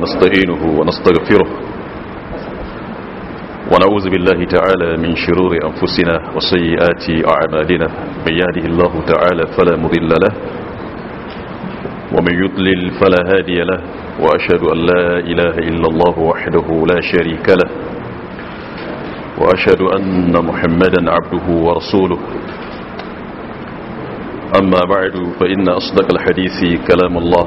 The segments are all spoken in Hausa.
ونستعينه ونستغفره ونعوذ بالله تعالى من شرور أنفسنا وسيئات أعمالنا من يهده الله تعالى فلا مضل له ومن يضلل فلا هادي له وأشهد أن لا إله إلا الله وحده لا شريك له وأشهد أن محمدا عبده ورسوله أما بعد فإن أصدق الحديث كلام الله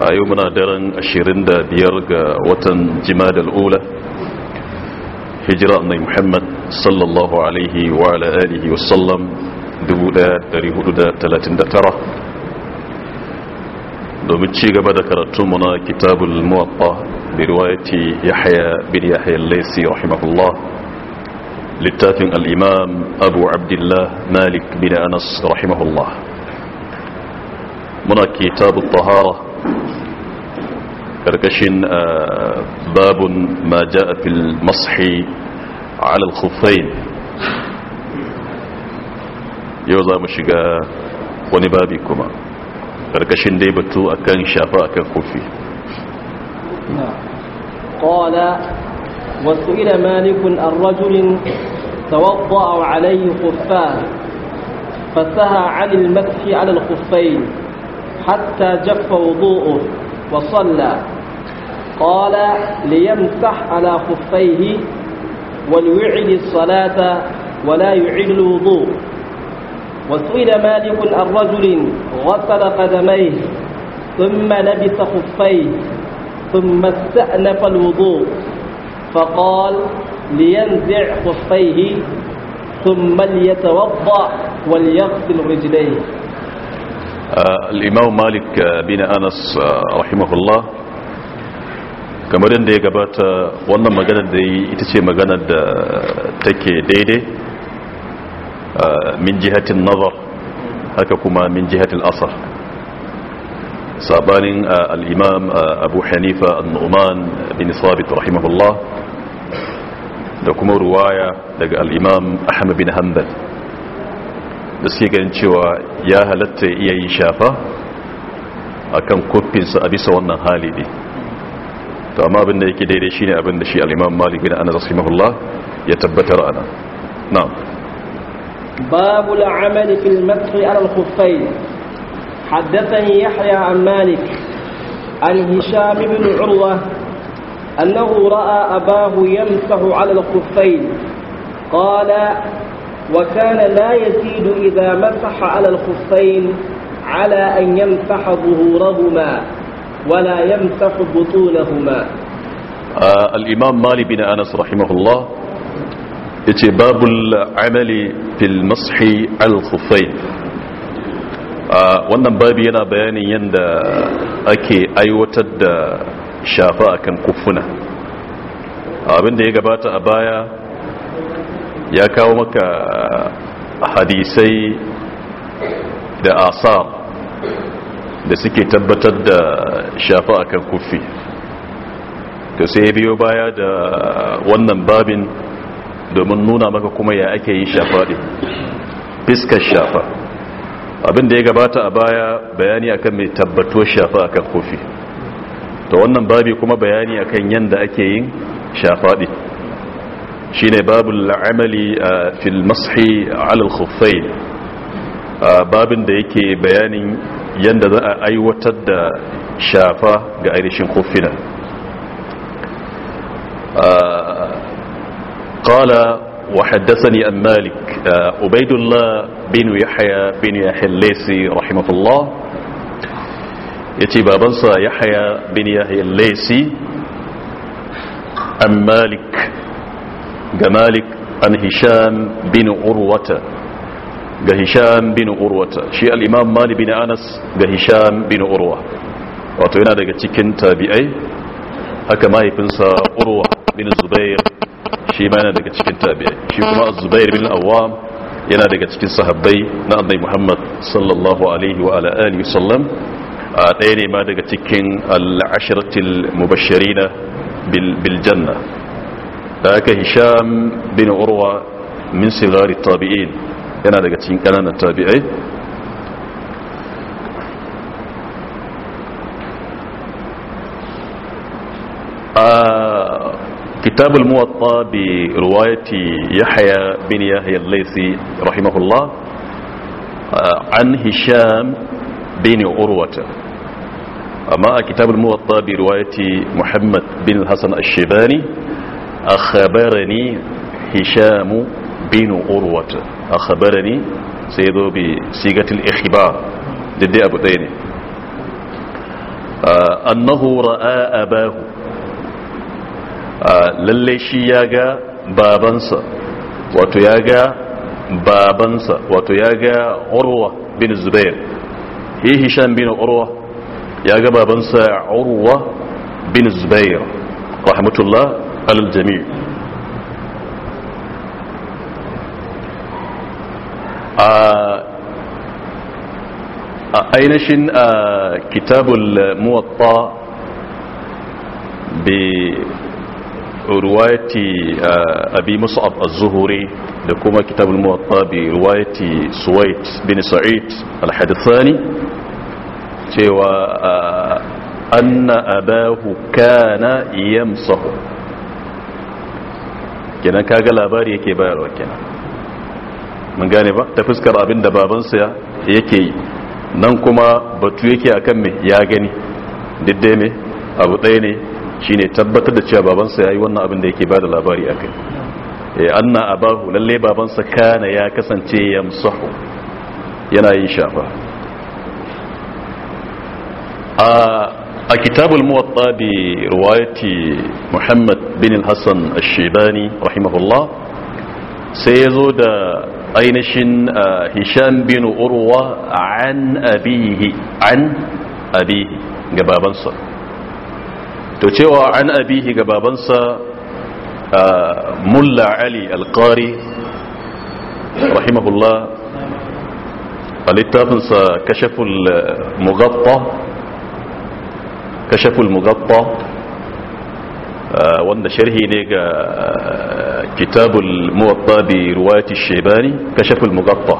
a yau muna daren 25 ga watan jimadar ula hijira annai muhammad sallallahu alaihi wa ala'alihi wasallam 1439 domin ci gaba da karatun muna kitabul muwatta bi riwayati yahya bin yahya al-laysi rahimahullah littafin al-imam abu abdullah malik bin anas rahimahullah من كتاب الطهارة كركشين آه، باب ما جاء في المصح على الخفين يوزا مشيغا وني بابيكما كركشين دي بتو أكان شافا أكان خفي قال وسئل مالك الرجل توضأ عليه خفان فسهى عن المسح على الخفين حتى جف وضوءه وصلى قال ليمسح على خفيه وليعد الصلاة ولا يعد الوضوء وسئل مالك عن رجل غسل قدميه ثم لبس خفيه ثم استأنف الوضوء فقال لينزع خفيه ثم ليتوضأ وليغسل رجليه al'imam malik bin anas rahimahullah kamar da ya gabata wannan maganar da yi ita ce maganar da take daidai min jihatin nazar haka kuma min jihatin asar sabanin al'imam abu hanifa annuman bin sabit rahimahullah da kuma ruwaya daga al'imam ahmad bin hanbal da suke ganin cewa ya halatta iya yin shafa a kan kofinsa a bisa wannan hali ne to amma abinda yake daidai shi ne abinda shi al'imam maliki na ana zasu mahullah ya tabbatar ana na'am babu la'amali fil al-khuffay kufai yahya an malik an hisham هشام urwa annahu ra'a abahu yamsahu ala al-khuffay qala وكان لا يزيد إذا مسح على الخفين على أن يمسح ظهورهما ولا يمسح بطونهما آه، الإمام مالي بن أنس رحمه الله اتباب باب العمل في المسح على الخفين wannan babi yana bayanin yadda ake aiwatar da shafa akan kufuna abinda ya gabata a baya ya kawo maka hadisai da asar da suke tabbatar da shafa a kan kufi to sai biyo baya da wannan babin domin nuna maka kuma ya ake yi shafa ɗin fiskar shafa abin da ya gabata a baya bayani akan mai tabbato shafa a kan kufi to wannan babi kuma bayani akan yadda ake yin shafa ɗin shine babul amali fil mashi ala al-khuffayn babin da yake bayanin yanda za a aiwatar da shafa ga ainihin khuffina qala wa haddathani an malik ubaidullah bin yahya bin yahya al-laysi rahimahullah yace babansa yahya bin yahya al-laysi an malik ga malik an hisham bin urwata ga hisham bin urwata shi al'imam mali bin anas ga hisham bin urwa wato yana daga cikin tabi'ai haka mahaifinsa urwa bin zubair shi ma yana daga cikin tabi'ai shi kuma zubair bin awam yana daga cikin sahabbai na annai muhammad sallallahu alaihi wa ala'ali sallam a ɗaya ne ma daga cikin al'ashiratil mubashirina biljanna ذاك آه، هشام بن عروة من صغار الطابعين هنا لقتين كلام التابعي آه، كتاب الموطى برواية يحيى بن يحيى الليثي رحمه الله آه، عن هشام بن عروة أما كتاب الموطى برواية محمد بن الحسن الشيباني أخبرني هشام بن أروة أخبرني سيدو بسيغة الإخبار جدي أبو تيني آه، أنه رأى أباه آه، للشي ياغا بابنسا وتياغا بابنسا وتياغا أروة بن الزبير هي هشام بن أروة ياغا بابنسا أروة بن الزبير رحمة الله على الجميع آه، آه، أين شن آه، كتاب الموطا برواية أبي مصعب الزهوري لكما كتاب الموطا برواية سويت بن سعيد الحديث الثاني أن أباه كان يمصه kenan kaga labari yake bayarwa kenan mun gane ba ta fuskar abin da babansa yake yi nan kuma batu yake akan me ya gani diddai me abu ɗaya ne shine tabbatar da cewa babansa yayi wannan abin da yake bada labari akai eh anna abahu lalle babansa kana ya kasance yamsahu yana yin shafa a ah, كتاب الموطا برواية محمد بن الحسن الشيباني رحمه الله سيزود أينش آه، هشام بن أروى عن أبيه عن أبيه جبابنسا تتوى عن أبيه جبابنسا آه، ملا علي القاري رحمه الله الاتفنس كشف المغطى كشف المغطى آه، وند شرحي نيجا آه، كتاب الموطى برواية الشيباني كشف المغطى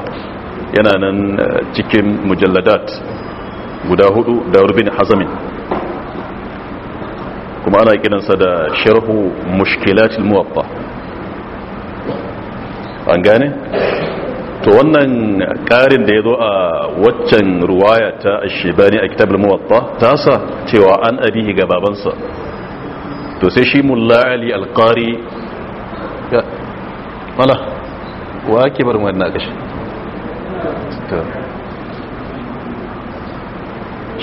ينانا آه، تكم مجلدات وداهد دار بن حزم كما أنا يكنا سدى شرح مشكلات الموطى أنقاني؟ to wannan karin da ya zo a waccan ruwaya ta shibani a kitab kitabul muwatta ta sa cewa an abihi ga babansa to sai shi mulla ali alqari ya wala wa ake barin wannan gashi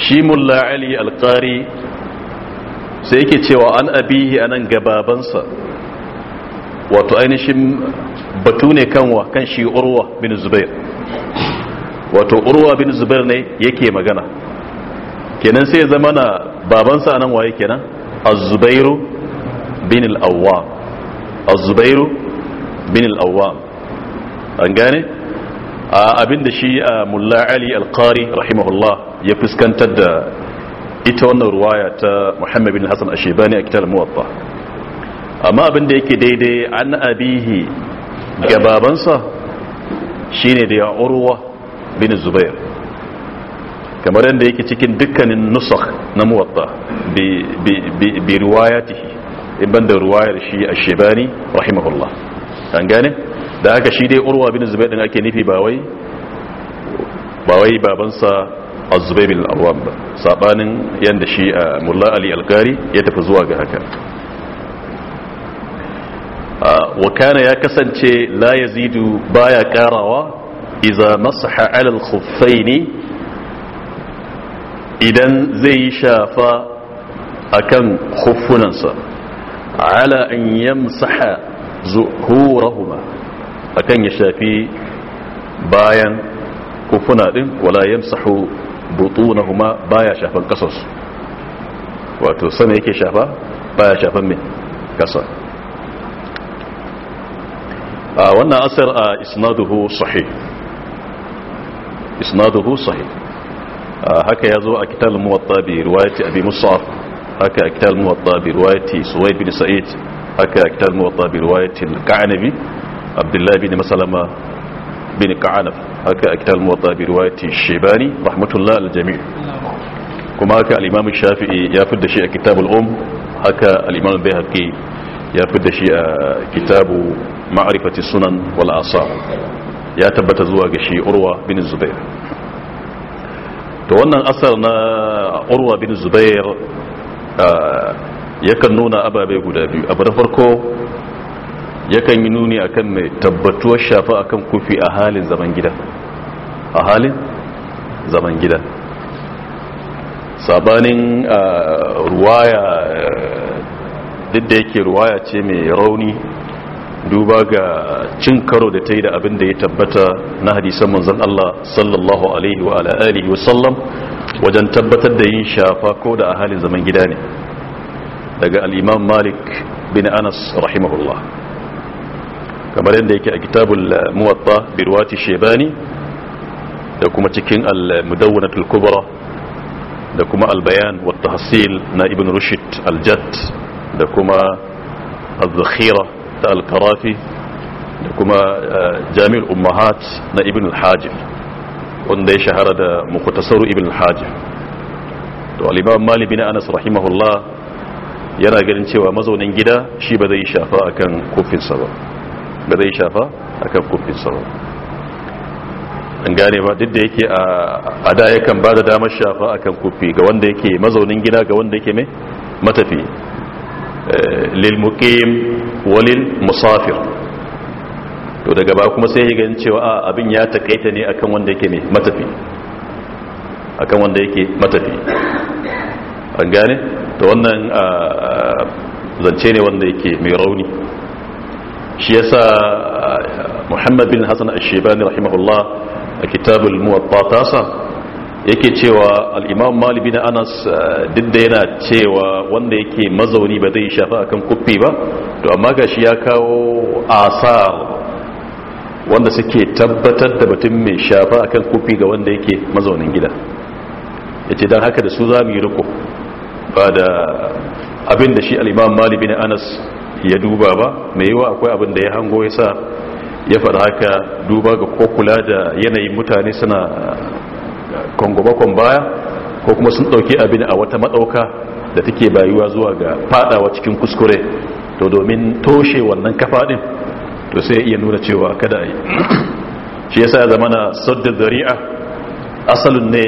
shi mulla ali alqari sai yake cewa an abihi anan ga babansa wato ainihin batu ne kan wa kan shi urwa bin zubair wato urwa bin zubair ne yake magana kenan sai zama na babansa nan waye kenan az-zubairu bin al-awwam az-zubairu bin al-awwam an gane a abinda shi mulla ali al-qari rahimahullah ya fuskantar da ita wannan ruwaya ta muhammad bin hasan ashebani a kitab al-muwatta amma abinda yake daidai an abihi gababansa ne da ya urwa bin zubair kamar yadda yake cikin dukkanin nusar na muwatta bi riwayatihi in da ruwayar shi a shebani rahimahullah an gane da aka shi dai urwa bin zubair din ake nufi bawai bawai babansa a zubair bin al ba sabanin yadda shi a eh, mulla ali al ya tafi zuwa ga haka wakana ya kasance la yazidu baya karawa iza masaha alal khuffaini idan zai yi shafa akan khuffunansa ala an yamsaha zuhurahuma akan ya shafi bayan kufuna din wala yamsahu butunahuma baya shafan kasarsu wato sama yake shafa baya shafan mai kasar آه، وانا اثر آه، اسناده صحيح اسناده صحيح آه، هكا يزو اكتال موطى برواية ابي مصعب هكا اكتال موطى برواية سويد بن سعيد هكا اكتال موطى برواية الكعنبي عبد الله بن مسلم بن كعنف هكا اكتال موطى برواية الشيباني رحمة الله للجميع كما هكا الامام الشافعي يافد شيء كتاب الام هكا الامام بيهكي يافد شيء كتاب ma'arifati sunan wal asar ya tabbata zuwa ga shi urwa bin zubair to wannan asar na urwa bin zubair yakan nuna ababe guda biyu abu da farko yakan yi nuni akan mai tabbatuwar shafa akan kufi a halin zaman gida a halin zaman gida sabanin ruwaya duk da yake ruwaya ce mai rauni duba ga cin karo da ta yi da abin da ya tabbata na hadisan manzan Allah sallallahu alaihi wa alihi wasallam wajen tabbatar da yin shafa ko da a halin zaman gida ne daga al'imam malik bin anas rahimahullah kamar yadda yake a kitabul muwatta birwati shebani da kuma cikin al-mudawwanatul kubra da kuma albayan bayan wa tahsil na ibn rushd Aljat da kuma al-zakhira al alkarafi da kuma eh, jami'ul ummahat na ibn al-hajim wanda ya shahara da mukutasaru ibn al-hajim to al-imam malik bin anas rahimahullah yana ganin cewa mazaunin gida shi ba zai shafa akan kofinsa ba ba zai shafa akan kofinsa ba an gane ba duk da yake a da yakan ba da damar shafa akan kofi ga wanda yake mazaunin gida ga wanda yake mai matafi lilmuqim walil musafir to daga ba kuma sai ganin cewa abin ya takaita ne akan wanda yake ne matafi akan wanda yake matafi an gane to wannan zance ne wanda yake mai rauni shi yasa muhammad bin Hassan ash-shibani rahimahullah a kitabul muwatta tasa yake cewa al'imam malibi na anas eh, duk yana cewa wanda yake mazauni ba zai shafa akan kuffi ba to amma ga shi ya kawo asar wanda suke tabbatar da batun mai shafa akan kufi ga wanda yake mazaunin gida ya ce don haka da su za mu yi riko ba da abin da shi al'imam malibi na anas ya duba ba mai yiwa akwai abin da ya hango ya sa ya faɗa haka duba ga ko kula da yanayin mutane suna kwangobakon baya ko kuma sun ɗauki abin a wata matsauka da take bayuwa zuwa ga fadawa cikin kuskure to domin toshe wannan kafaɗin to sai iya nuna cewa kada a yi shi yasa zama na sadda zari'a asalin ne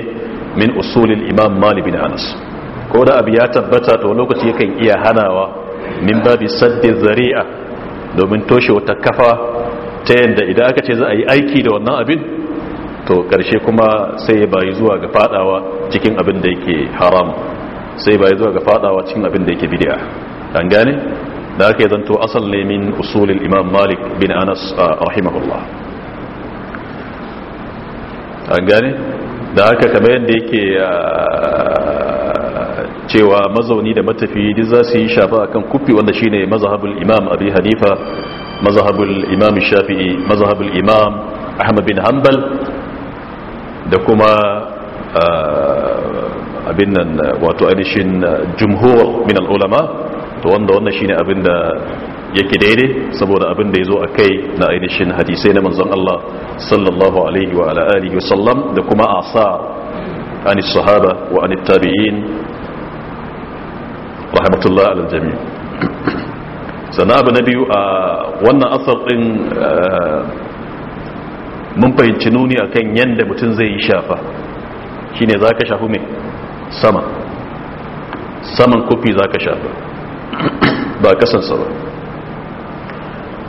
min usulin imam mali bin anas ko da abu ya tabbata to lokaci yakan iya hanawa min babi sadda zari'a domin toshe wata kafa ta yadda idan aka ce za a yi aiki da wannan abin to karshe kuma sai ya bayi zuwa ga fadawa cikin abin da yake haram sai bayi zuwa ga fadawa cikin abin da yake bid'a dan gane da aka zanto asal ne min usulil imam malik bin anas rahimahullah dan gane da haka kamar yadda yake cewa mazauni da matafi duk za su yi shafa akan kufi wanda shine mazhabul imam abi hanifa mazhabul imam shafi'i mazhabul imam ahmad bin hanbal da kuma ah, abin nan wato ainihin ah, jumhur min al'ulama to wanda wannan shine abin da yake daidai saboda abin da ya zo a kai na ainihin hadisai na manzon Allah sallallahu alaihi wa ala alihi wa sallam da kuma asar anis sahaba wa anit tabi'in rahmatullah ala jami' sana abu na biyu a ah, wannan asar din mun fahimci nuni akan yanda mutum zai yi shafa ne za ka shafi mai sama saman kofi za ka shafa ba kasansa ba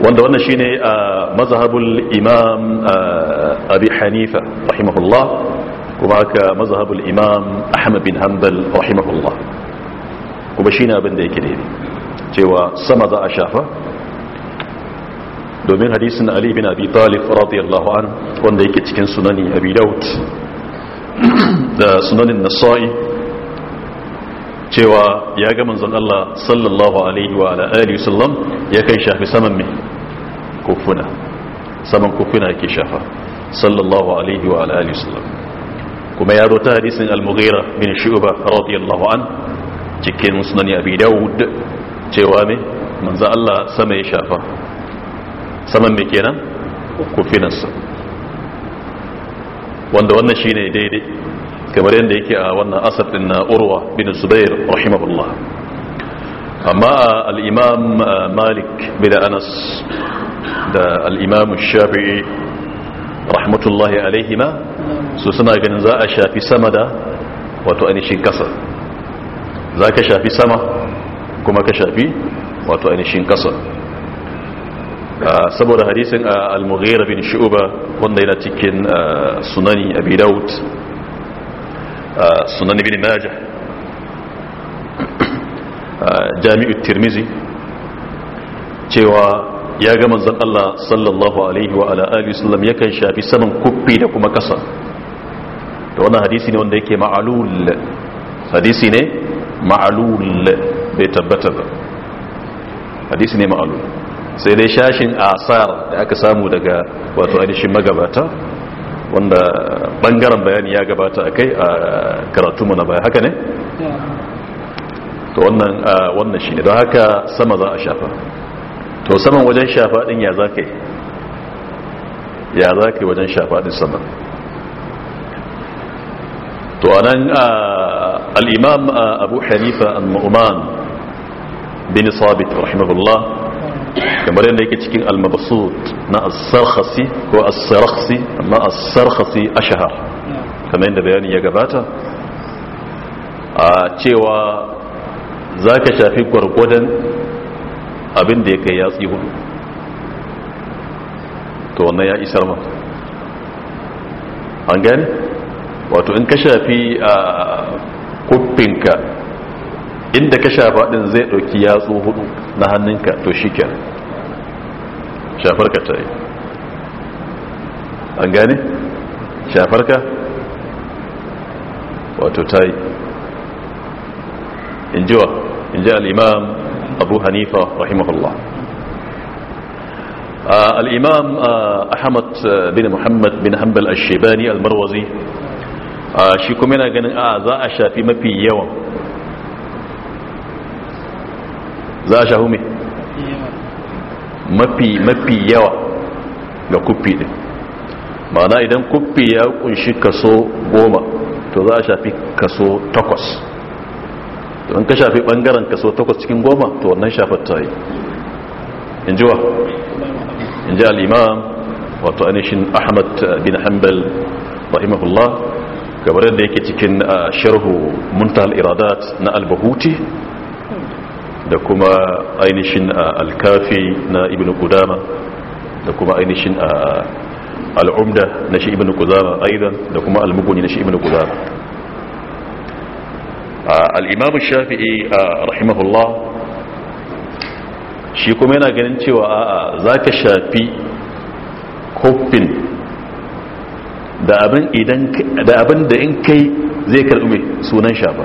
wanda wannan shine a mazhabul imam abi hanifa rahimahullah kuma haka mazhabul imam ahmad bin hanbal rahimahullah kuma ne abin da yake daidai cewa sama za a shafa domin hadisin ali bin abi talib radiyallahu an wanda yake cikin sunani abi daud da sunanin nasa'i cewa ya ga manzon Allah sallallahu alaihi wa ala alihi sallam ya kai shafi saman me kufuna saman kufuna yake shafa sallallahu alaihi wa ala alihi sallam kuma ya rota hadisin al-mughira bin shu'ba radiyallahu an cikin sunani abi daud cewa me manzon Allah sama ya shafa saman mai kenan kufinansa wanda wannan shi ne daidai kamar yadda yake a wannan asar din na urwa bin zubair rahimahullah amma al'imam uh, malik bin anas da al'imam shafi'i rahmatullahi alaihima su suna ganin za a shafi sama da wato ainihin kasa za ka shafi sama kuma ka shafi wato ainihin kasa saboda hadisin al-mughira bin shu'ba wanda yana cikin sunani abi daud sunan ibn majah jami'ut tirmizi cewa ya ga manzon Allah sallallahu alaihi wa ala alihi sallam yakan shafi saman kuffi da kuma kasa to wannan hadisi ne wanda yake ma'alul hadisi ne ma'alul bai tabbata ba hadisi ne ma'alul sai dai shashin asar da aka samu daga wato ainihin magabata wanda bangaren bayani ya gabata a kai a karatu mana baya haka ne? to wannan wannan shi ne don haka sama za a shafa to saman wajen shafa din ya za ka yi ya za ka yi wajen shafa din saman to a nan al'imam abu hanifa al-ma'uman bin sabit rahimahullah kamar yadda yake cikin al-mabsut na as ko as amma as a ashhar kamar yadda bayani ya gabata a cewa zaka shafi gwargwadon abinda ya kai yatsi hudu to wannan ya isar ma an gani wato in ka shafi a kuffinka inda ka shafa din zai dauki yatsu hudu na hannunka to shikenan shafarka ta yi an gane shafarka? wato ta yi in ji wa in ji al'imam abu hanifa rahimahullah al'imam ahmad bin muhammad bin بن ashebani al-marwazi shi kuma yana ganin a za a shafi mafi yawan za a shahu mafi yawa ga kuffi din ma'ana idan kuffi ya kunshi kaso goma to za a shafi kaso takwas don ka shafi bangaren kaso takwas cikin goma to wannan shafar ta yi in ji wa in ji al'imam wato anishin ahmad bin hanbal rahimahullah gabar da yake cikin ah, sharhu muntal iradat na albahuti da kuma ainihin alkafi na ibn kudama da kuma ainihin al'umda na shi ibn kudama aidan da kuma almuguni na shi ibn kudama al'imamu shafi'i rahimahullah shi kuma yana ganin cewa a za ka shafi kofin da abin da in kai zai karɓi sunan shafa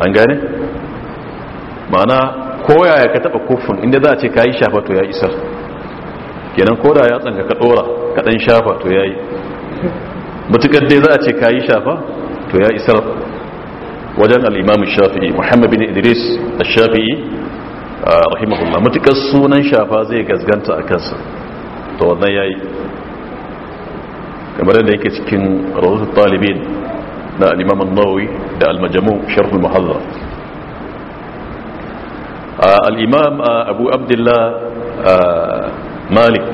an gane ma'ana ya ka taba kofin inda za a ce ka yi shafa to ya isar kenan koda ya tsanka ka dora ka dan shafa to ya yi mutukar dai za a ce ka yi shafa to ya isar wajen al'imamun shafi'i muhammad bin idris a shafi'i rahimahullah mutukar sunan shafa zai gasganta a kansa to wannan ya yi kamar yadda yake cikin rahoton talibin na al-imam da al-majmu' sharh al-muhadhab al-imam abu abdullah malik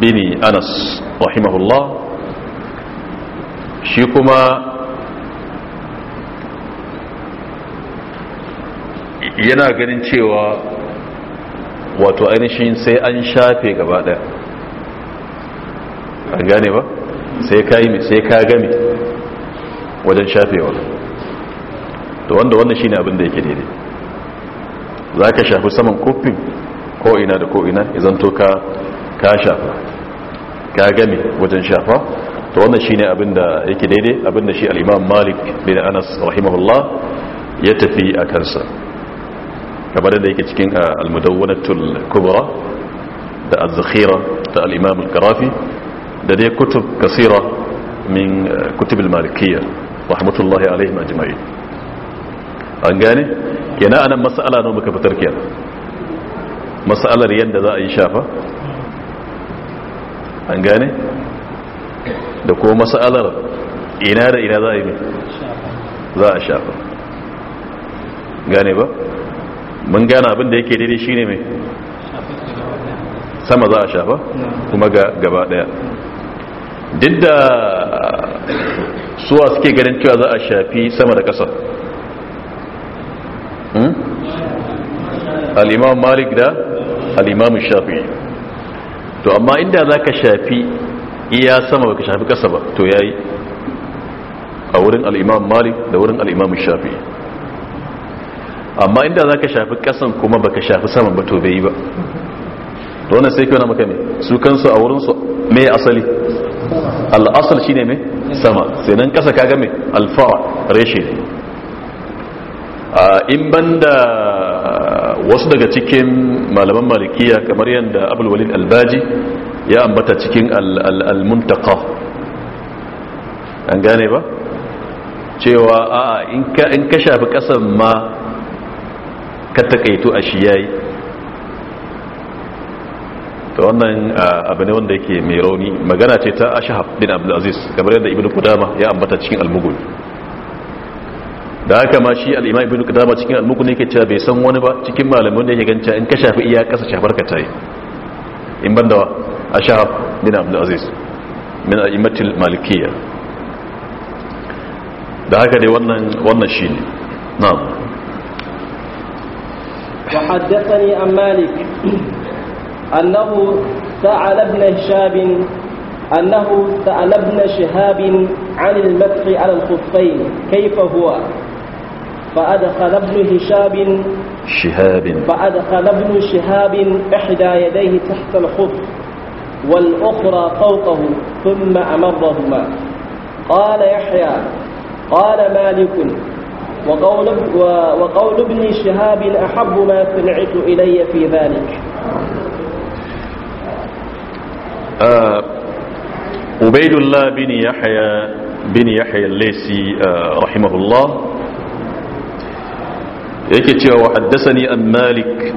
bin anas rahimahullah shi kuma yana ganin cewa wato ainihin sai an shafe gaba daya an gane ba sai ka yi sai ka gami wajen shafewa to wanda wannan shine abin da yake daidai za ka shafi saman kofin ko'ina da ko'ina izan to ka shafa ka gami wajen shafa to wannan shine abin da yake daidai abinda shi al'imam malik bin anas rahimahullah ya tafi a kansa kamar da yake cikin ah, al-mudawwanatul kubra da az da ta al-imam da dai kutub kasira min eh, kutub al-malikiyya rahmatullahi alaihim ajma'in an gane kenan anan mas'ala ne muka fitar kenan mas'alar yanda za a yi shafa an gane da kuma mas'alar ina da ina za a yi za a shafa gane ba mun gane abin da yake daidai shine mai sama za a shafa kuma ga gaba daya duk da suwa suke ganin cewa za a shafi sama da ƙasa hmm? al'imam malik da al'imam shafi to amma inda za ka shafi iya sama ba ka shafi ƙasa ba to ya yi a wurin al'imam malik da wurin al'imam shafi amma inda za ka shafi ƙasan kuma ba ka shafi saman ba to bai yi ba to wannan sai kyau na makami ne su kansu a wurinsu mai asali al'asal shine mai sama sai nan kasa kaga mai alfara reshe in banda uh, wasu daga cikin malaman malikiya kamar yadda abulwalid albaji ya ambata cikin al-muntaka an gane ba cewa a in ka shafi kasan ma ka takaito a shi yayi to wannan abu ne wanda yake mai rauni magana ce ta ashahab bin Abdul abdulaziz kamar yadda ibn kudama ya ambata cikin almugul da haka ma shi al'imam ibn kudama cikin almugul ne ke cewa bai san wani ba cikin malamin da yake ganta in ka shafi iya kasa shafar ka tayi in ban dawa ashahab bin Abdul abdulaziz min al'imatul malikiya da haka dai wannan wannan shine na'am وحدثني عن Malik. أنه سأل ابن شهاب أنه سأل ابن شهاب عن المدح على الخفين كيف هو فأدخل ابن هشاب شهاب فأدخل ابن شهاب إحدى يديه تحت الخف والأخرى فوقه ثم أمرهما قال يحيى قال مالك وقول, وقول ابن شهاب أحب ما سمعت إلي في ذلك آه، عبيد الله بن يحيى بن يحيى الليسي آه، رحمه الله يكتي وحدثني عن مالك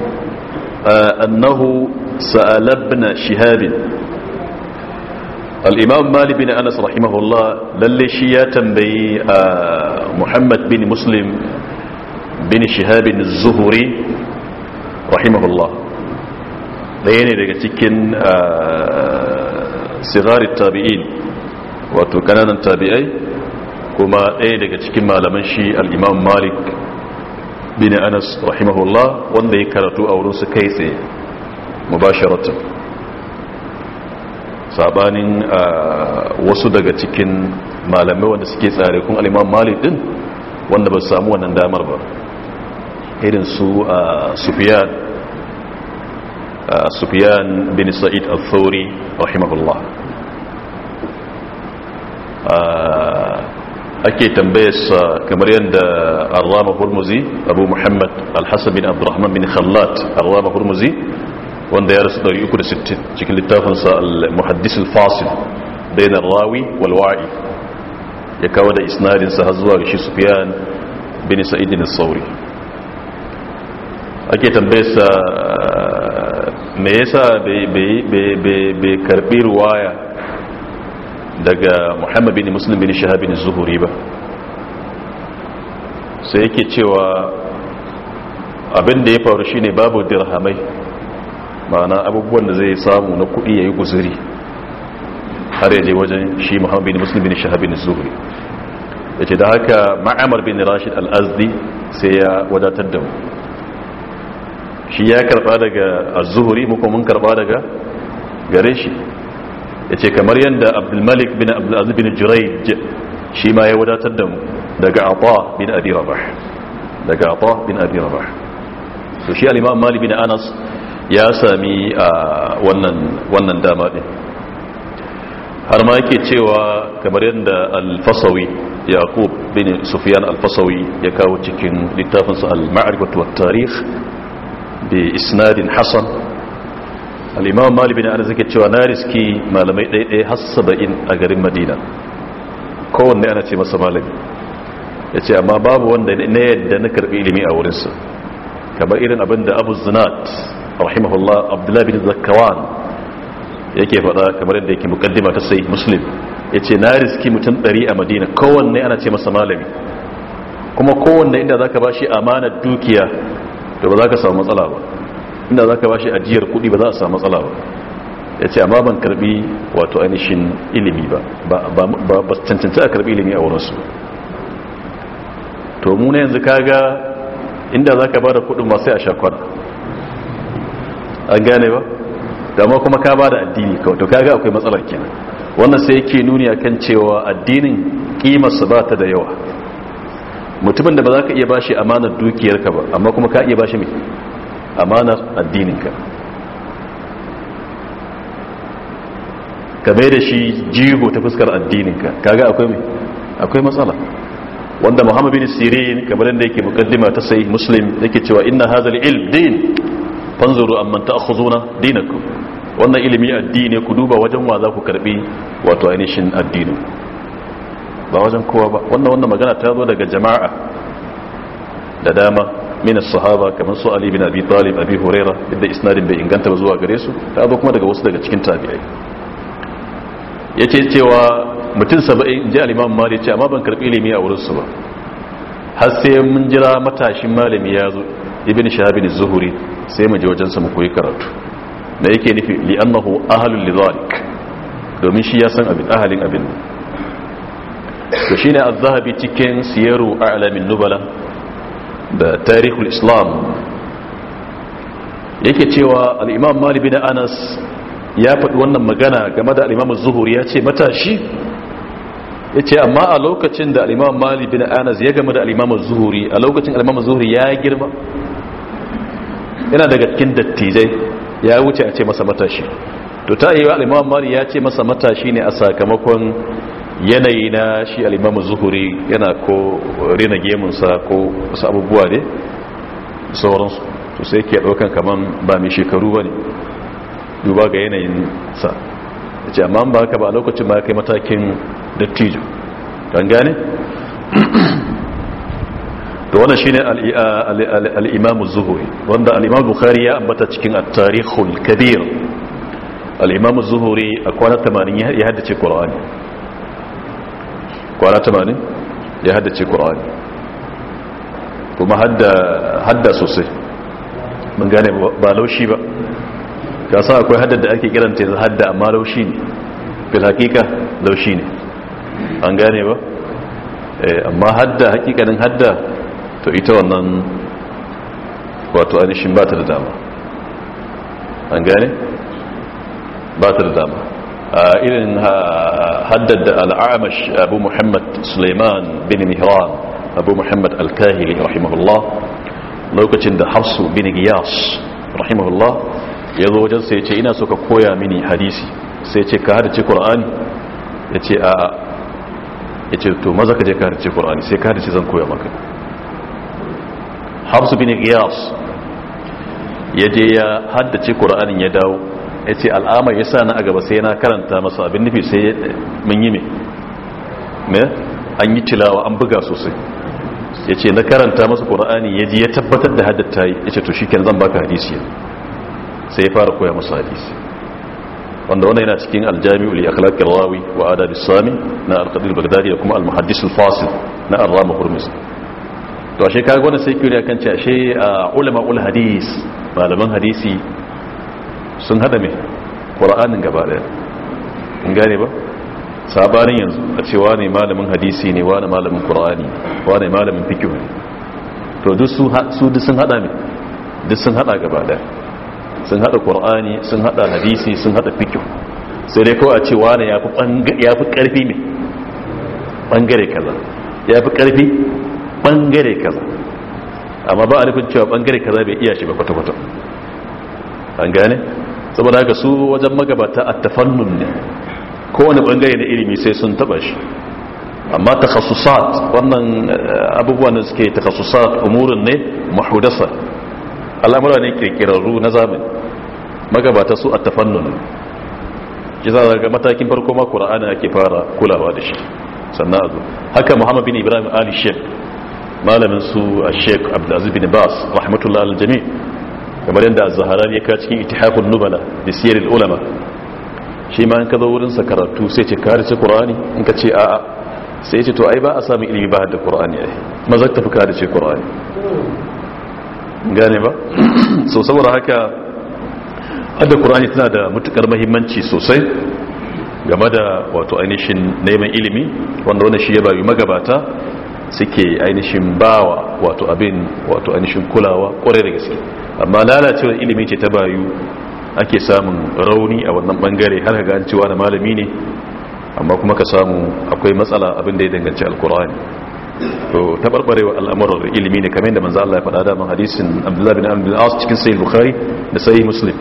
آه، أنه سأل ابن شهاب الإمام مالك بن أنس رحمه الله للشيا تنبي محمد بن مسلم بن شهاب الزهري رحمه الله ɗaya ne daga cikin sigari tabi'in wato kananan tabi'ai kuma ɗaya daga cikin malaman shi al'imam malik bin anas rahimahullah wanda ya karatu a wurinsu kai tsaye mubasharatun sabanin wasu daga cikin malamai wanda suke tsare kun al'imam malik din wanda ba samu wannan damar ba irin su a sufiyan سفيان بن سعيد الثوري رحمه الله ake tambayarsa kamar yadda arrama hurmuzi abu muhammad alhassan bin abdurrahman bin khallat arrama hurmuzi wanda ya rasu 360 cikin littafinsa al-muhaddis al-fasil bayan rawi walwa'i ya kawo da isnadinsa har zuwa ga shi sufiyan bin sa'idin sauri ake tambayarsa me yasa bai karbi ruwaya daga muhammad bin muslim bin shahab bin zuhuri ba sai yake cewa abin da ya faru shine babu dirhamai ma'ana abubuwan da zai samu na kuɗi yayi yi har yaje wajen shi muhammad bin muslim bin shahab bin zuhuri da da haka ma'amar bin rashid al-azdi sai ya wadatar da mu shi ya karba daga az-zuhri mu kuma mun karba daga gare shi yace kamar yanda Abdul Malik bin Abdul Aziz bin Jurayj shi ma ya wadatar da mu daga Ata bin Abi Rabah daga Ata bin Abi Rabah to shi al-Imam Malik bin Anas ya sami wannan wannan dama din har ma yake cewa kamar yadda alfasawi yaqub bin sufyan alfasawi ya kawo cikin littafinsa al-ma'rifatu wat-tarikh bi isnadin hasan al'imam malibin ana suke cewa na riski malamai ɗaiɗai har a garin madina kowanne ana ce masa malami ya ce amma babu wanda na yadda na karɓi ilimi a wurinsa kamar irin abin da abu zinat rahimahullah abdullahi bin zakawan yake faɗa kamar yadda yake mukaddima ta sai muslim ya ce na riski mutum ɗari a madina kowanne ana ce masa malami kuma kowanne inda za ka ba shi amanar dukiya to ba za ka samu matsala ba inda za ka ba shi ajiyar kuɗi ba za a samu matsala ba ya ce amma ban karbi wato ainihin ilimi ba ba cancanci a karbi ilimi a wurinsu to muna yanzu kaga inda za ka ba da kuɗin masu a shakon an gane ba dama kuma ka ba da addini kawai to kaga akwai matsalar kenan wannan sai yake nuni akan cewa addinin kimarsa ba ta da yawa mutumin da ba za ka iya bashi amanar dukiyarka ba amma kuma ka iya bashi mai amanar addininka ka mai da shi jigo ta fuskar addininka kaga akwai mai akwai matsala wanda muhammad bin sirin kamar yadda yake mukaddima ta sai muslim yake cewa inna hazal ilm din fanzuru amman dinakum wannan ilimi addini ku duba wajen wa za ku karbi wato ainihin addinin ba wajen kowa ba wannan wannan magana ta zo daga jama'a da dama min sahaba kamar su ali bin abi talib abi huraira da isnadin bai inganta ba zuwa gare su ta zo kuma daga wasu daga cikin tabi'ai yace cewa mutum 70 inji al-imam mali ce amma ban karbi ilimi a wurin su ba har sai mun jira matashin malami ya zo ibn bin zuhuri sai mu je wajen sa mu koyi karatu da yake nufi li'annahu ahlul lidhalik domin shi ya san abin ahalin abin to shine az-zahabi cikin siyaru a'lamin nubala da tarihul islam yake cewa al-imam malik bin anas ya faɗi wannan magana game da al-imam zuhuri ya ce matashi ya ce amma a lokacin da al-imam malik bin anas ya game da al-imam zuhuri a lokacin al-imam zuhuri ya girma yana daga cikin dattijai ya wuce a ce masa matashi to ta wa al-imam malik ya ce masa matashi ne a sakamakon yanayi na shi alimamu zuhuri yana ko Rina gemunsa ko wasu abubuwa ne sauransu to sai ke ɗaukan kaman ba mai shekaru ba ne duba ga yanayin sa da ce amma ba haka ba a lokacin ba kai matakin dattijo don gane? da shine al AlImamu zuhuri wanda al bukhari ya ambata cikin a tarikhul kabir al zuhuri a kwana 80 ya haddace qur'ani kwana tamanin ya haddace ƙur'ani kuma hadda sosai mun gane ba laushi ba ka sa akwai hadda da ake kiranta yanzu hadda amma laushi ne fil hakika laushi ne an gane ba eh, amma hadda hakikanin hadda to ita wannan wato anishin ba ta da dama an gane ba ta da dama آه، إذن هدد العامش أبو محمد سليمان بن مهران أبو محمد الكاهلي رحمه الله لو كنت حفص بن قياس رحمه الله يضو وجد سيتي إنا سوك كويا مني حديثي سيتي كهدتي قرآن يتي آآ يتي تو ماذا كتي كهدتي قرآن سي كهدتي زن كويا مكا حفص بن قياس يجي هدتي قرآن يداو ya ce al'amar ya sa na a gaba sai na karanta masa abin nufi sai mun yi me an yi tilawa an buga sosai ya ce na karanta masa ƙura'ani ya ji ya tabbatar da haddata ya ce to shi zan baka hadisi sai ya fara koya masa hadisi wanda wannan yana cikin aljami'u li akhlaqir rawi wa adab as-sami na al-qadir bagdadi da kuma al-muhaddis al-fasil na ar-rama hurmus to ashe kaga wannan sai kiyuri kan ce ashe ulama ul hadis malaman hadisi sun hada mai ƙura'anin gaba ɗaya in gane ba sabanin yanzu a ce ne malamin hadisi ne wane malamin ƙura'ani wane malamin fikiyu ne to duk su duk sun hada mai duk sun hada gaba ɗaya sun hada ƙura'ani sun hada hadisi sun hada fikiyu sai dai kawai a ce ne ya fi ƙarfi mai ɓangare kaza ya fi ƙarfi ɓangare kaza amma ba a nufin cewa ɓangare kaza bai iya shi ba kwata-kwata an gane? saboda su wajen magabata a tafannun ne kowane bangare na ilimi sai sun taba shi amma takhasusat wannan eh, abubuwan da suke takhasusat umurin ne muhdasa al'amura ne kirkirarru na zamani magabata su a tafannun shi daga matakin farko ma qur'ani ake fara kulawa da shi sannan azu haka muhammad bin ibrahim ali Sheik malamin su a eh, sheikh abdulaziz bin bas rahmatullahi aljami kamar yadda zaharar ya kawo cikin itihakun nubala da siyar ulama shi ma in ka zo wurinsa karatu sai ce kare ce in ka ce a'a sai ce to ai ba a sami ilimi ba da ƙur'ani ai mazak tafi kare ce ƙur'ani gane ba so saboda haka adda qur'ani tana da matuƙar mahimmanci sosai game da wato ainihin neman ilimi wanda wani shi ya bayu magabata suke ainihin bawa wato abin wato ainihin kulawa ƙwarai da gaske amma lalacewar ilimi ce ta bayu ake samun rauni a wannan bangare har ga cewa da malami ne amma kuma ka samu akwai matsala abin da ya danganci alkurani to tabarbarewa al'amuran ilimi ne kamar yadda manzo Allah ya faɗa da man hadisin Abdullah bin Amr bin As cikin sahih Bukhari da sahih Muslim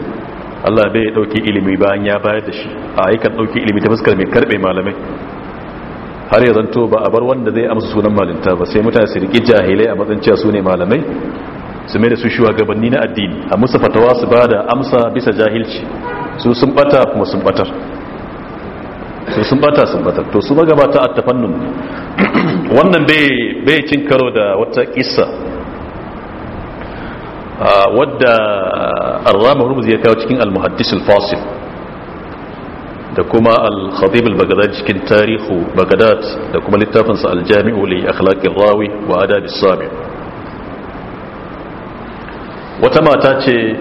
Allah bai dauke ilimi bayan ya bayar da shi a yakan dauke ilimi ta fuskar mai karbe malamai har ya zanto ba a bar wanda zai amsa sunan malinta ba sai mutane su riƙi jahilai a matsayin cewa su ne malamai su mai da su shugabanni na addini a musu fatawa su ba da amsa bisa jahilci su sun bata kuma sun batar su sun bata sun batar to su magabata a tafannin. wannan bai cin karo da wata kisa wadda arrama hurmuz ya kawo cikin al-muhaddis al-fasil da kuma al-khatib al baghdadi cikin tarihu baghdad da kuma littafinsa al-jami'u li akhlaqir rawi wa adab as-sami' wata mata ce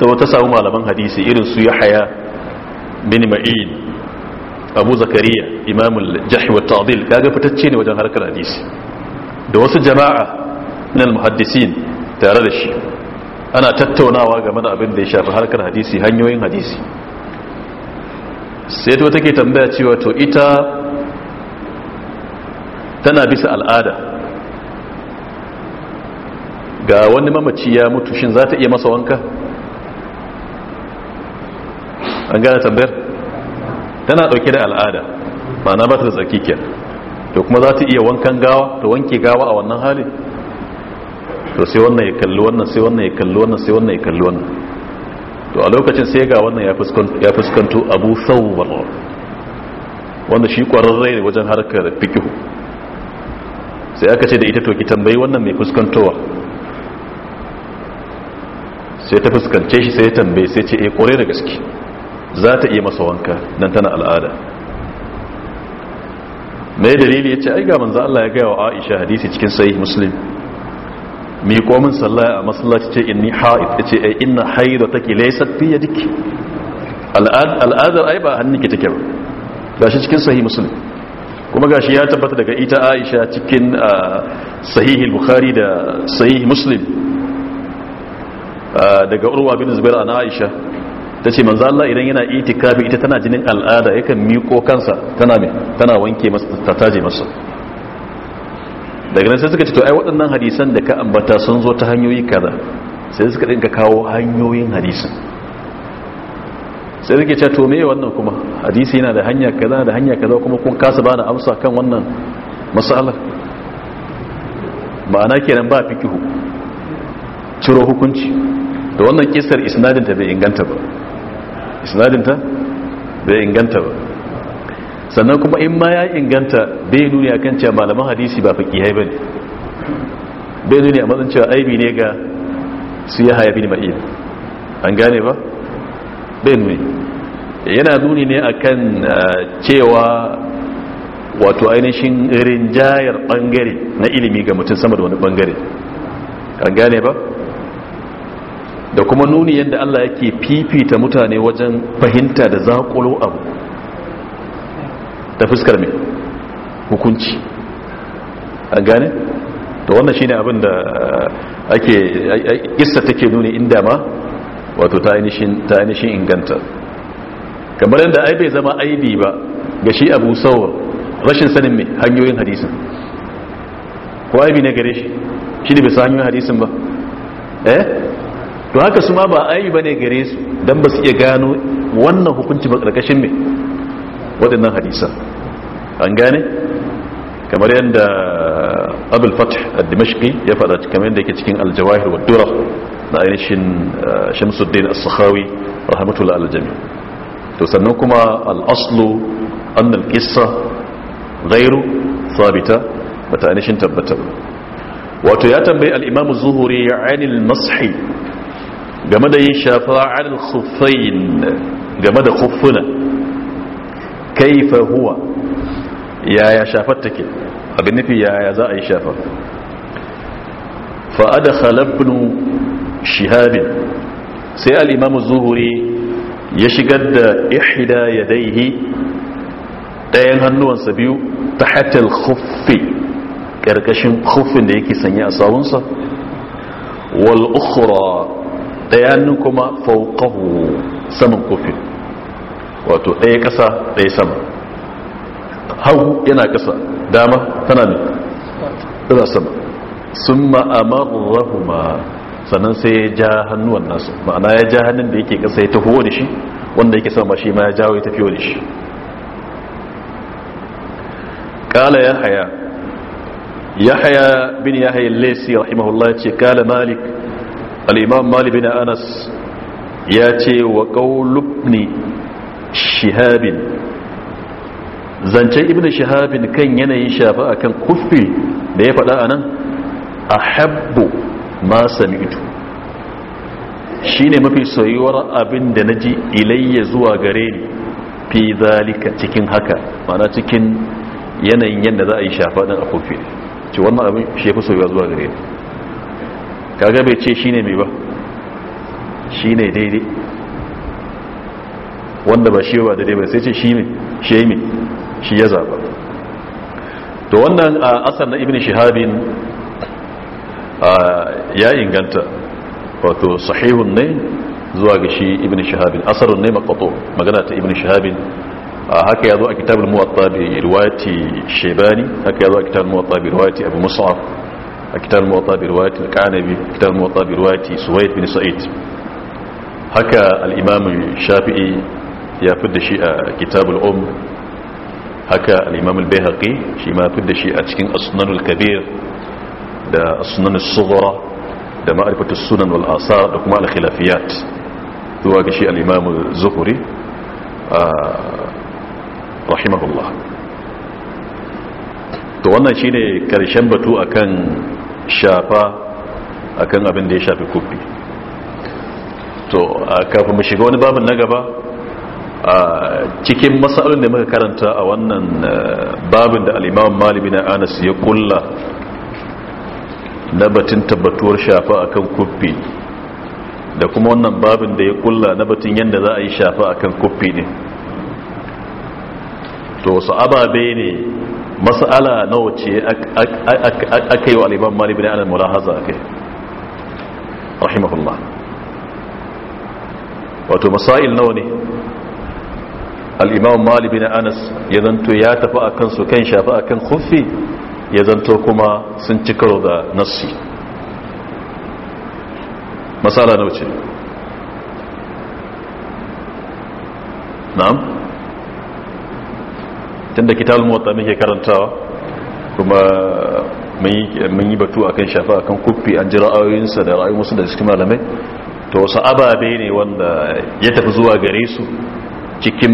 da wata samu malaman hadisi irin su ya haya bin ma'in abu zakariya imamul jahiwar ta'adil kaga fitacce ne wajen harkar hadisi da wasu jama'a na muhaddisin tare da shi ana tattaunawa game da abin da ya shafi harkar hadisi hanyoyin hadisi sai to take tambaya cewa to ita tana bisa al'ada ga wani mamaci ya mutu shin za ta iya masa wanka an gane tambayar tana dauke da al'ada ma'ana ba ta da tsarki to kuma za ta iya wankan gawa ta wanke gawa a wannan hali to sai wannan ya kalli wannan sai wannan ya kalli wannan sai wannan ya kalli wannan to a lokacin sai ga wannan ya fuskanto abu sauwar wanda shi kwararre ne wajen harkar fikihu sai aka ce da ita to ki tambayi wannan mai fuskantowa sai ta fuskance shi sai ya tambaye sai ce eh kore da gaske za ta iya masa wanka dan tana al'ada mai dalili yace ai ga manzo Allah ya gaya wa Aisha hadisi cikin sahih Muslim mi komin sallah a masallaci ce inni haid yace ai eh, inna haidataki laysat fi yadiki al'adar ai ba hannunki take ba gashi cikin sahih Muslim kuma gashi ya tabbata daga ita Aisha cikin ah, sahih Bukhari da sahih Muslim daga urwa bin zubair an aisha ta ce manzo Allah idan yana itikafi ita tana jinin al'ada yakan miko kansa tana me tana wanke masa ta taje masa daga nan sai suka ce to ai waɗannan hadisan da ka ambata sun zo ta hanyoyi kaza sai suka dinka kawo hanyoyin hadisan. sai suke ce to meye wannan kuma hadisi yana da hanya kaza da hanya kaza kuma kun kasa bana amsa kan wannan mas'alar ma'ana kenan ba fikihu ciro hukunci da wannan kisar isnadinta bai inganta ba isnadinta bai inganta ba sannan kuma in ma ya inganta bai nuni akan cewa malaman hadisi ba faƙihai ba ne bai nuni a matsan cewa aibi ne ga su ya haya ne ma'ina an gane ba bai nuni yana nuni ne akan eh, cewa wato ainihin rinjayar bangare na ilimi ga mutum sama da wani bangare an gane ba da kuma nuni yadda Allah yake fifita mutane wajen fahimta da zaƙulo abu ta fuskar mai hukunci a gane? da wannan ne abin da uh, ake uh, isa take nuni inda ma wato ta ainihin inganta kamar yadda ai bai zama aibi ba ga shi abu sauwar rashin sanin mai hanyoyin hadisun ko aibi ne gare shi shi ne bisa hanyoyin hadisun ba eh to haka su ma ba ayi bane gare su dan ba su iya gano wannan hukunci ba karkashin me waɗannan hadisan an gane kamar yadda abul fath ad-dimashqi ya faɗa kamar yadda yake cikin al-jawahir wa durah na ainihin eh, shamsuddin as-sakhawi rahmatullah al-jami to sannan kuma al-aslu anna al-qissa ghayru thabita bata ainihin tabbata wato ya tambayi al-imam az-zuhri 'an mashi game da yin shafa'a al khuffain game da khuffuna kaifa huwa yaya shafar take abin nufi yaya za a yi shafar fa adkhala ibn shihab sai al-imam az ya shigar da ihda yadayhi dayan hannuwansa biyu tahatal khuffi karkashin khuffin da yake sanya a sawunsa wal ukhra ɗaya hannun kuma fauƙahu saman kofin wato ɗaya ƙasa ɗaya sama hagu yana ƙasa dama tana ne ɗaya sama sun ma'amarrahuma sannan sai ya ja hannuwan nasu ma'ana ya ja hannun da yake ƙasa ya tafi wani shi wanda yake sama shi ma ya jawo ya tafi wani shi ƙala ya haya ya haya bin ya haya lesi rahimahullah ce ƙala malik al'imam malibin anas ya ce wa ƙaulubni shihabin zancen ibn shihabin kan yanayin shafa akan kufi da ya faɗa a nan a habbo ma sami'tu shi ne mafi soyuwar abin da na ji ilayya zuwa gare ni fi zalika cikin haka mana cikin yanayin yadda za a yi shafa ɗin a ce wannan abin shi ya fi soyuwa zuwa gare ni kaga bai ce shine mai ba shine daidai wanda ba shi ba daidai ba sai ce shi ne shi shi ya zaba to wannan asar na ibn shihabin ya inganta wato sahihun ne zuwa ga shi ibn shihabin asarun ne makato magana ta ibn shihabin haka ya zo a kitabul muwatta bi riwayati shebani haka ya zo a kitabul muwatta bi riwayati abu mus'ab kitab al-muwatta bi riwayat al-qanabi kitab bin sa'id haka al-imam shafi'i ya fidda shi a kitab al haka al-imam al-bayhaqi shi shi a cikin as kabir da as-sunan da ma'rifatu as asar da kuma al-khilafiyat zuwa ga zuhri to wannan shine karshen batu akan shafa a kan abin da ya shafi kufi to a kafin mu shiga wani babin na gaba a cikin matsalolin da muka karanta a wannan babin da alimawan malibi na anas ya kulla na batun tabbatuwar shafa a kan kufi da kuma wannan babin da ya kulla na batun yadda za a yi shafa a kan kufi ne to su ababe ne mas'ala nawa ce aka yi wa aliban mali bin anan mulahaza a kai rahimahullah wato masail nawa ne al'imam mali bin anas ya zanto ya tafi a kansu kan shafi a kan kufi ya zanto kuma sun ci karo da nassi mas'ala nawa ce na'am tunda kitabul muwatta muke karantawa kuma mun yi batu akan shafa akan kuffi an ji ra'ayoyinsa da ra'ayoyin wasu da cikin malamai to wasu ababe ne wanda ya tafi zuwa gare su cikin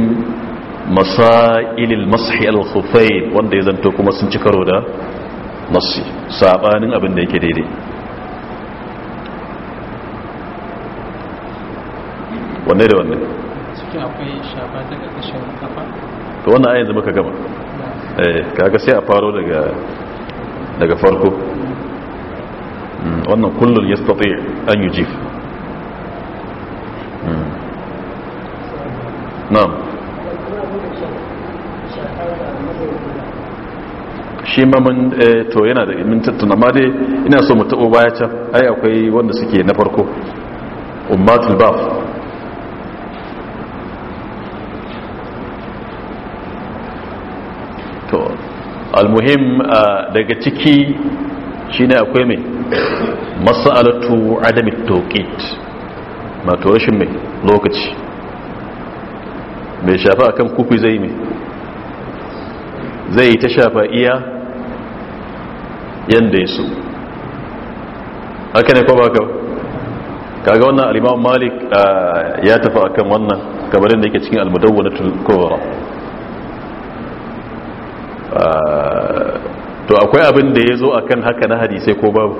masailil mashi al-khuffain wanda ya zanto kuma sun ci karo da nasi sabanin abin da yake daidai wanne da wanne cikin akwai shafa ta ƙarƙashin kafa to wannan ayin zama ka gama eh, kaga sai a faro daga farko hmm, wannan kullum ya an yi jif hmm. na'am shi ma mun eh, to yana da min tattuna ma dai ina so mu taɓo baya can ai akwai wanda suke na farko ummatul baf to almuhim uh, daga ciki shine akwai mai masalatu adami ma mato rashin mai lokaci mai shafa akan kufi zai mai zai ta shafa iya yanda ya so haka ne ko ba ka kaga wannan al malik uh, ya tafa akan wannan kabarin da yake cikin al-mudawwanatul kubra to akwai abin da ya zo a kan haka na hadisai ko babu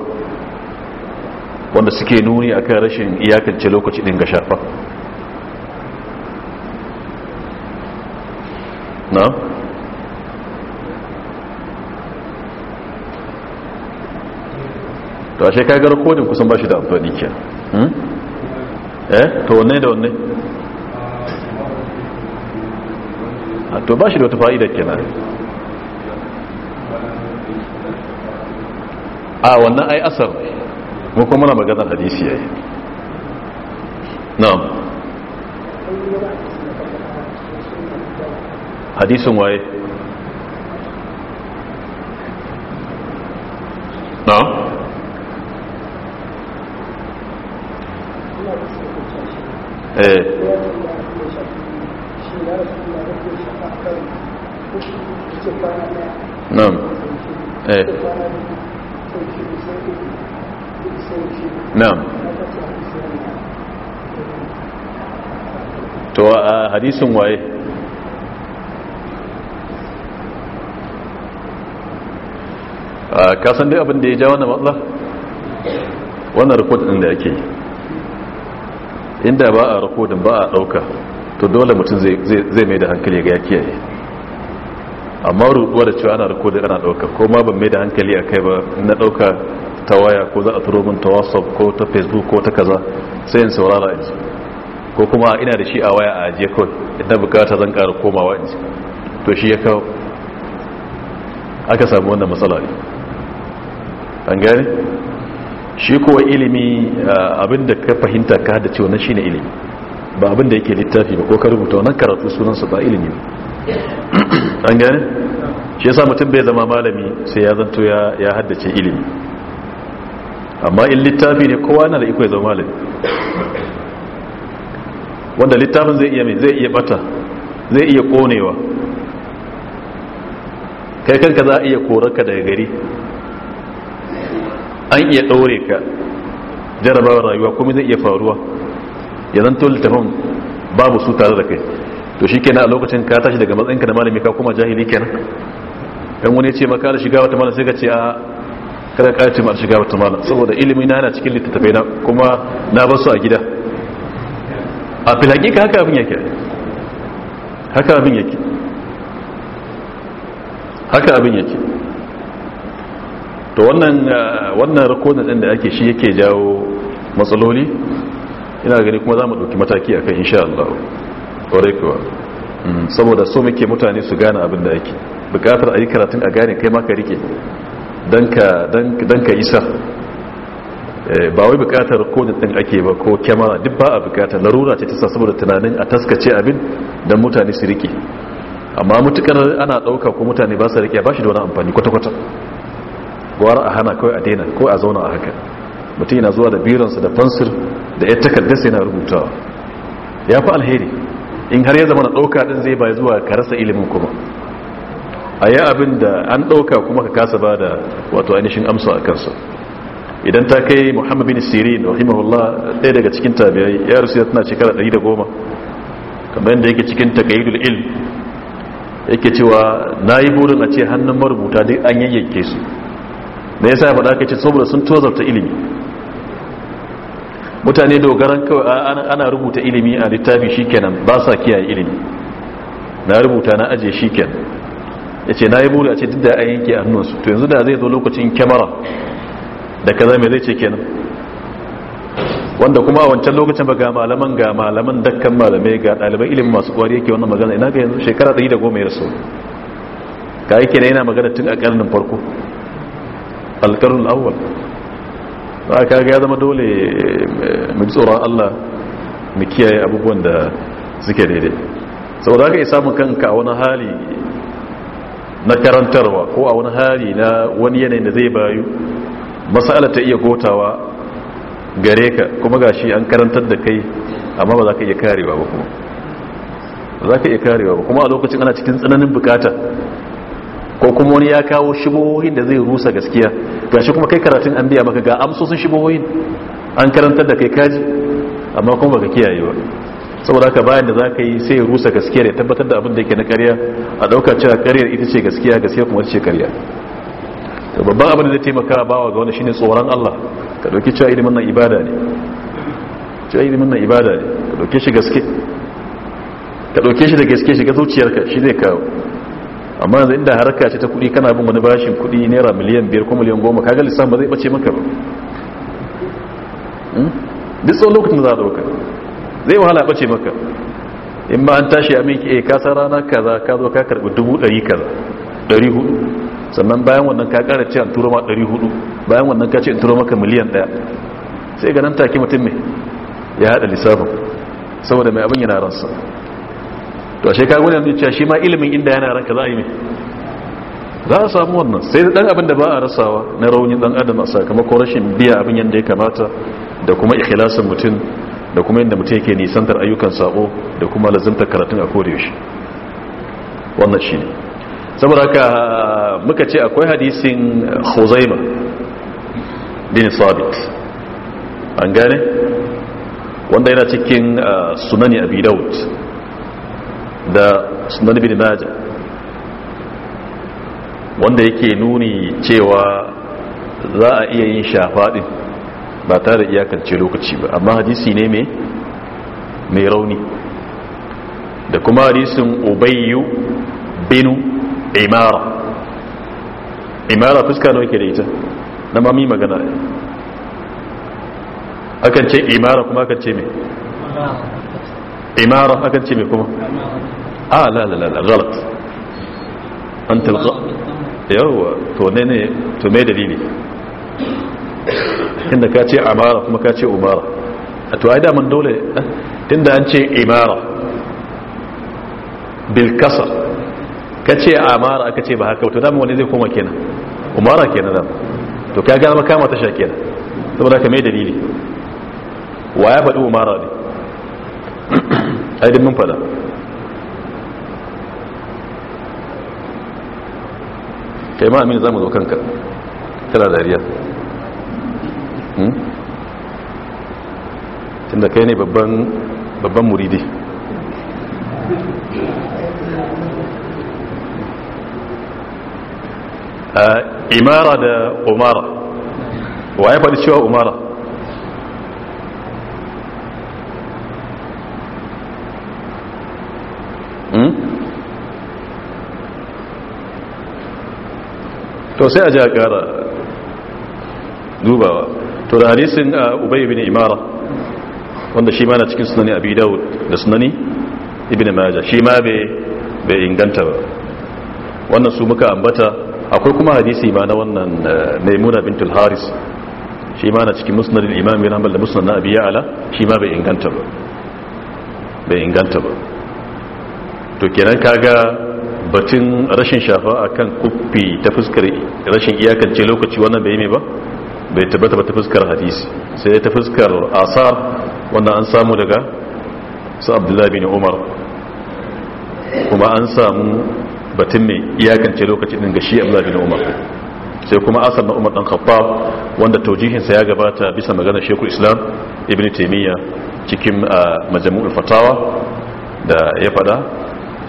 wanda suke nuni a kan rashin iyakance lokaci din ga shafa na? to a shekagar kodin kusan ba shi da amfani ke hmm? eh to wanne da wanne ah, to ba shi da wata fa'idar kenan a wannan ai asar ne mu kuma n'a maganar hadisi yayi na'am hadisin waye na'am eh hadisin waye ka san dai abin da ya ja wannan matsala wannan rikodin da yake inda ba a rikodin ba a ɗauka to dole mutum zai mai da hankali ga ya kiyaye amma ruduwa da cewa ana rikodin ana ɗauka ko ma ban mai da hankali a kai ba na ɗauka ta waya ko za a turo min ta whatsapp ko ta facebook ko ta kaza sai in saurara yanzu ko kuma ina da shi a waya a ajiye kawai idan bukata zan ƙara komawa in to shi ya kawo aka samu wannan matsala ne an gani shi kuwa ilimi ah, abinda ka fahimta ka da cewa na shi ne ilimi ba abinda yake littafi ba ko ka rubuta wannan karatu sunansa ba ilimi ne. an gani shi yasa mutum bai zama malami sai ya zanto ya haddace ilimi amma in littafi ne kowa na da iko ya zama malami wanda littafin zai iya mai zai iya bata zai iya konewa kai kanka za a iya korarka daga gari an iya ɗaure ka jarabawar rayuwa kuma zai iya faruwa ya to littafin babu su tare da kai to shi kenan a lokacin ka tashi daga matsayinka da malami ka kuma jahili kenan ɗan wani ce maka da shiga wata malam sai ka ce a kada ka ce ma shiga wata malam saboda ilimi na yana cikin littattafai na kuma na bar su a gida a filakika haka abin yake haka abin yake haka abin yake to wannan eh, wannan rukunin din da ake shi yake jawo matsaloli ina gani kuma za mu ɗauki mataki a kan insha Allah ƙwarai kuwa mm, saboda so muke mutane su gane abin da ake bukatar a yi karatun a gane kai maka rike don ka isa Eh, ba wai bukatar kodin din ake ba ko kyamara duk ba a bukatar larura ce ta saboda tunanin a taskace abin don mutane su rike amma mutukar ana ɗauka ko mutane ba su rike ba shi da wani amfani kwata-kwata gwara a hana kawai a daina ko a zauna a haka mutum yana zuwa da biransa da fansir da ya takardar sai na rubutawa ya fi alheri in har ya zama na ɗauka din zai bai zuwa ka rasa ilimin kuma a yi abin da an ɗauka kuma ka kasa ba da wato ainihin amsa a kansa idan ta kai muhammad bin sirin rahimahullah ɗaya daga cikin tabi'ai ya rusu tana shekara 110 kamar yadda yake cikin taqayyidul ilm yake cewa nayi burin a ce hannun marubuta duk an yayyake su me yasa faɗa ka ce saboda sun tozarta ilimi mutane dogaran kawai ana rubuta ilimi a littafi shikenan ba sa kiyaye ilimi na rubuta na aje shikenan yace nayi burin a ce duk da an yanke hannunsu to yanzu da zai zo lokacin kyamara da kaza mai zai ce kenan wanda kuma a wancan lokacin ba ga malaman ga malaman dakkan malamai ga ɗalibai ilimin masu kwari yake wannan magana ina ga yanzu shekara da goma ya rasu ga yake na yana magana tun a karnin farko alkarun awwal ba ka ga ya zama dole eh, mu tsoron Allah mu kiyaye abubuwan da suke daidai saboda haka ya samu kanka a wani hali na karantarwa ko a wani hali na wani yanayin da zai bayu matsala ta iya gotawa gare ka kuma ga shi an karantar da kai amma ba za ka iya karewa ba kuma ba za ka iya karewa ba kuma a lokacin ana cikin tsananin bukata ko kuma wani ya kawo shibohohin da zai rusa gaskiya ga shi kuma kai karatun an biya maka ga amsosin shibohohin an karantar da kai kaji amma kuma ba ka kiyaye ba saboda haka bayan da za ka yi sai rusa gaskiya da tabbatar da abin da yake na karya a ɗauka cewa karyar ita ce gaskiya gaskiya kuma ita ce karya to babban abin da zai taimaka bawa ga wani shine tsoron Allah ka dauki cewa ilimin nan ibada ne cewa ilimin nan ibada ne ka dauke shi gaske ka dauke shi da gaske shiga zuciyarka shi zai kawo amma yanzu inda harka ce ta kuɗi kana bin wani bashin kuɗi naira miliyan biyar ko miliyan goma kaga lissafin ba zai bace maka ba hmm? duk tsawon lokacin za a dauka zai wahala a bace maka in ba an tashi a miki e eh, kasa rana kaza ka zo ka karɓi dubu ɗari kaza ɗari hudu sannan bayan wannan ka kara ce an turo ma 400 bayan wannan ka ce an turo maka miliyan ɗaya sai ga nan take mutum ne ya haɗa lissafin saboda mai abin yana ransa to ashe ka gwada cewa shi ma ilimin inda yana ranka za a yi mai za a samu wannan sai da ɗan abin da ba a rasawa na raunin dan adam a sakamakon rashin biya abin yadda ya kamata da kuma ikhlasin mutum da kuma yadda mutum yake nisantar ayyukan sako da kuma lazimta karatun a kodayaushe wannan shi ne saboda haka muka ce akwai hadisin huzaima bin sabit an gane wanda yana cikin uh, sunani abi daud da sunani bin Naja. wanda yake nuni cewa za a iya yin shafaɗin ba tare iyakance lokaci ba amma hadisi ne mai rauni da kuma hadisin ubayyu binu imara imara fuska nawa ke da ita na mami magana ne akan ce imara kuma akan ce mai imara akan ce mai kuma ah, a la la galat an tilga yawwa to ne ne to mai dalili inda ka ce amara kuma ka ce umara a to ai daman dole inda eh, an ce imara bilkasar ka ce amara aka ce ba haka to dama wani zai koma kenan umara kenan dama to ka gama kama tasha kenan saboda ka mai dalili wa ya faɗi umara ne aidin mun faɗa kai ma amina za mu zo kanka tana dariya hmm? tunda kai ne babban muridi Eh, imara da umara wa ya faɗi cewa umara hmm? to sai a ji a ƙara dubawa to da hadisin eh, ubai bin imara wanda shi ma na cikin sunani abi dawud da sunani ibn maja shi ma bai inganta ba wannan su muka ambata akwai kuma hadisi ma na wannan eh, maimuna bintul haris shi ma na cikin musnadin imam bin hanbal da musnad na abi ya'ala shi ma bai inganta ba bai inganta ba to kenan kaga batun rashin shafa akan kuffi ta fuskar rashin iyakance lokaci wannan bai ne ba bai tabbata ba ta fuskar hadisi sai ta fuskar asar wannan an samu daga su abdullahi bin umar kuma an samu batun mai iyakance lokacin ɗin ga shi Abdullah bin Umar sai kuma asar na Umar dan Khattab wanda taujihin sa ya gabata bisa magana Sheikhul Islam Ibn taimiyya cikin ah, majmu'ul fatawa da ya fada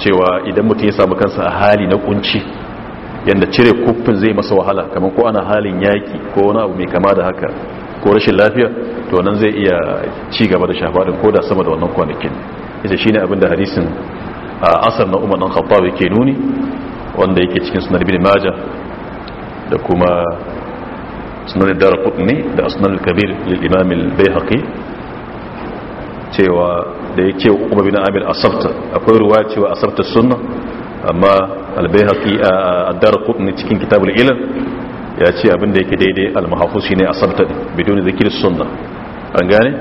cewa idan mutum ya samu kansa a hali na kunci yanda cire kuffin zai masa wahala kamar ko ana halin yaki ko wani abu mai kama da haka ko rashin lafiya to nan zai iya ci gaba da shafa ko da sama da wannan kwanakin ita shine abin da hadisin a asar na umar ɗan khattab yake nuni wanda yake cikin sunan ibn majah da kuma sunan kudni da sunan kabir lil imam al cewa da yake Umar bin amir asabta akwai ruwa cewa asabta sunna amma a dara kudni cikin kitabul ilm ya ce abinda yake daidai al-mahfuz shine asabta bidon zikir sunna an gane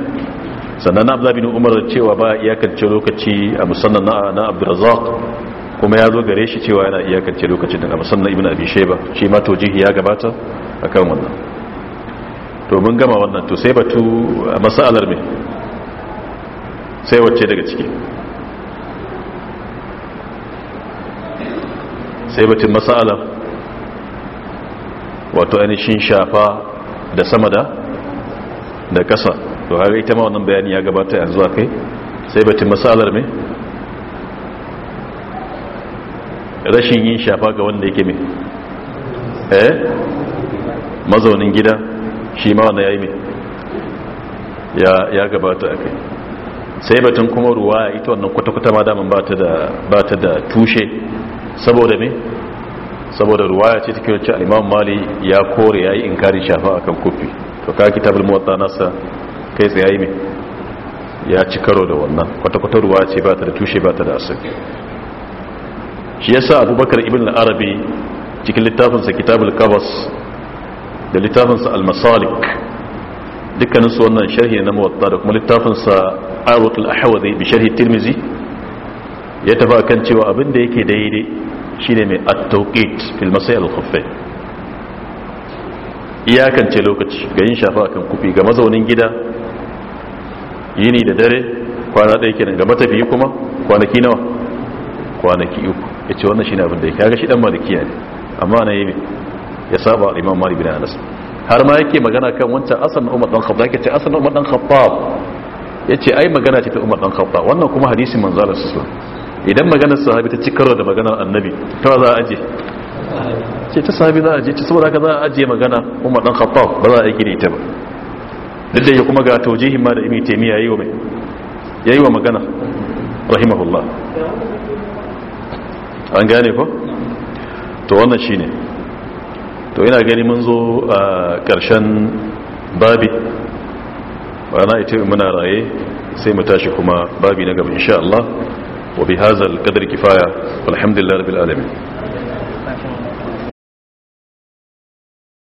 sannan na bin umar cewa ba iyakance lokaci a musamman na abdurazak kuma ya zo gare shi cewa yana iyakance lokacin da musamman ibn abi ba shi ma tojihi ya gabata a kan wannan to mun gama wannan to sai batu a masalar me sai wacce daga ciki sai batun masalar wato ainihin shafa da sama da da kasa to har ita ma wannan bayani ya gabata yanzu a kai sai batun masalar mai rashin yin shafa ga wanda yake mai eh mazaunin gida shi ma wanda ya yi mai ya gabata a kai sai batun kuma ruwa ita wannan kwata-kwata ma damar ba ta da tushe saboda mai saboda ruwaya ce ta wacce al-Imam Mali ya kore ya yi inkarin shafa a kan kofi to kaki kitabul mawata nasa kai tsaye ne ya ci karo da wannan kwata-kwata ruwa ce ba ta da tushe ba ta da asir shi ya sa abubakar ibn al'arabi cikin littafinsa kitabul kabas da littafinsa al-masalik dukkaninsu wannan sharhi na mawata da kuma littafinsa arwatul ahawazai bi sharhi tirmizi ya tafa kan cewa abin da yake daidai shine mai at-tawqit fil al-khuffay iyakance lokaci ga yin shafa akan kufi ga mazaunin gida yini da dare kwana ɗaya kenan ga matafiyi kuma kwanaki nawa kwanaki uku ya ce wannan shi ne abin da ya kaga shi ɗan malikiya ne amma na yi ya saba imam malik bin anas har ma yake magana kan wancan asan umar dan khabba yake ce asan umar dan ya yace ai magana ce ta umar dan khabba wannan kuma hadisin manzo Allah sallallahu alaihi idan maganar sahabi ta ci karo da maganar annabi to za a aje ce ta sahabi za a aje ce saboda haka za a aje magana umar dan khabba ba za a yi gine ita ba duk ya kuma ga taujihin ma da imi taimiyya yi wa mai ya yi wa magana rahimahullah an gane ko? to wannan shi to ina gani mun zo a ƙarshen babi ana ita muna raye sai mu tashi kuma babi na gaba insha Allah wa bi hazal qadri kifaya walhamdulillahi rabbil alamin